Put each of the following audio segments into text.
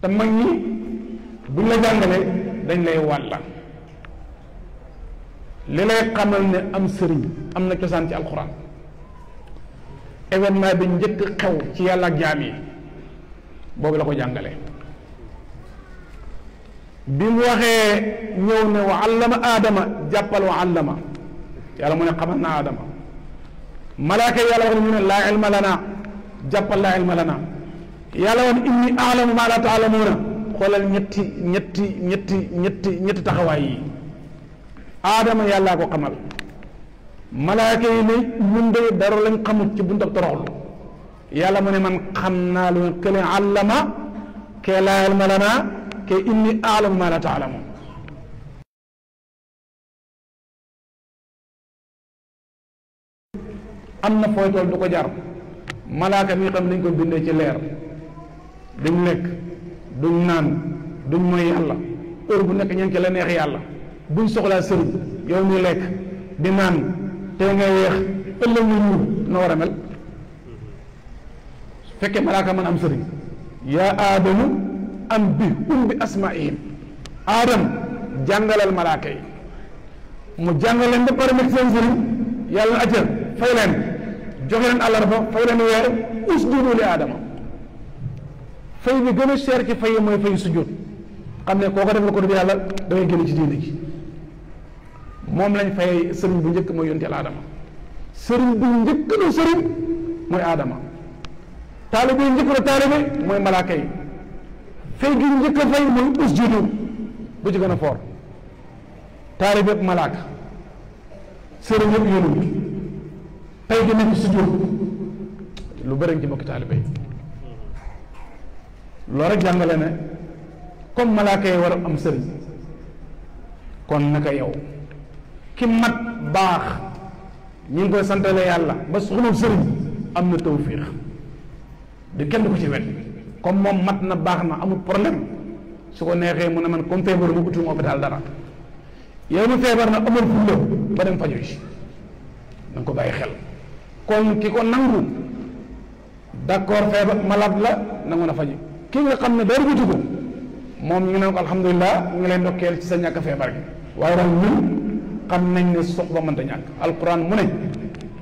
te mag ñi buñ la jàngalee dañ lay wàlla li lay xamal ne am sëriñ am na cosaan ci alxuraan événement bi njëkk xew ci yàlla ak jaam yi boobu la ko jàngale bi mu waxee ñëw ne wa aadama jàppal wa allama yàlla mu ne xamal na aadama malaaka yàlla wax ne ñu ne laa ilma lana jàppal laa ilma lana yàlla woon inni aalamu maa laa taalamuuna xoolal ñetti ñetti ñetti ñetti ñetti taxawaay yi aadama yàllaa ko xamal malaaka yi ne ñun de dara lañ ci ci buntab toroxlu yàlla mu ne man xam naa lu ngeen kële àllama kee laayal ma kee inni aalamu ma la taalamuun am na fooytool tool du ko jar malaaka mi xam lañ ko bindee ci leer duñ lekk duñ naan duñ mooy yàlla bu nekk ña la neex yàlla buñ soxlaa sëriñ yow mi lekk di naan te nga weex ëllëg nga ñuul na war a mel su malaaka mën am sëriñ yaa aadamu am bi um bi asmaihim aadam jàngaleel malaaka yi mu jàngal leen ba pare nekk seen sëriñ yàlla na acca fay leen joxe leen àllarba fay leen weer usjudu li aadama fay bi gën a seer ci fay mooy fay sujjóot xam ne koo ko defal ko du yàlla da ngay génn ci diine ji moom lañ fay sëriñ bu njëkk mooy yonteel aadama sëriñ bu njëkk na sëriñ mooy aadama taalibe njëkk na taalibe mooy malaaka yi fay gi njëkk fay mooy usjudu bu ci gën a foor taalibe malaaka sëriñ yëpp yonent fay gi nekk sujjóot lu bëri ci mbokki taalibe loo rek jàngale ne comme malaaka yi war a am sëriñ kon naka yow ki mat baax ñu ngi koy santale yàlla ba soxlul sëriñ am na tawfiix du kenn ko ci wet comme moom mat na baax na amul problème su ko neexee mu ne man comme feebar bu utum hôpital dara yow mu feebar na amul fulla ba dem faju ji na ko bàyyi xel kon ki ko nangu d'accord feebar malade la nangu na faju ki nga xam ne dooru ko moom ñu ne ko alhamdulilah ñu ngi lay ndokkeel ci sa ñàkk feebar gi waaye daal ñun xam nañ ne soxla mënta ñàkk alquran mu ne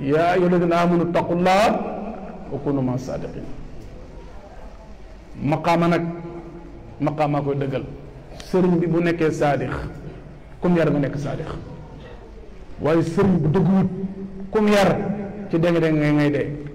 yaa ayyuha alladina amanu taqullah wa kunu nag maqaamaa koy dëggal sëriñ bu kum yar nga nekk saadix waaye sëriñ bu dëgguwut kum yar ci dégg-dégg ngay ngay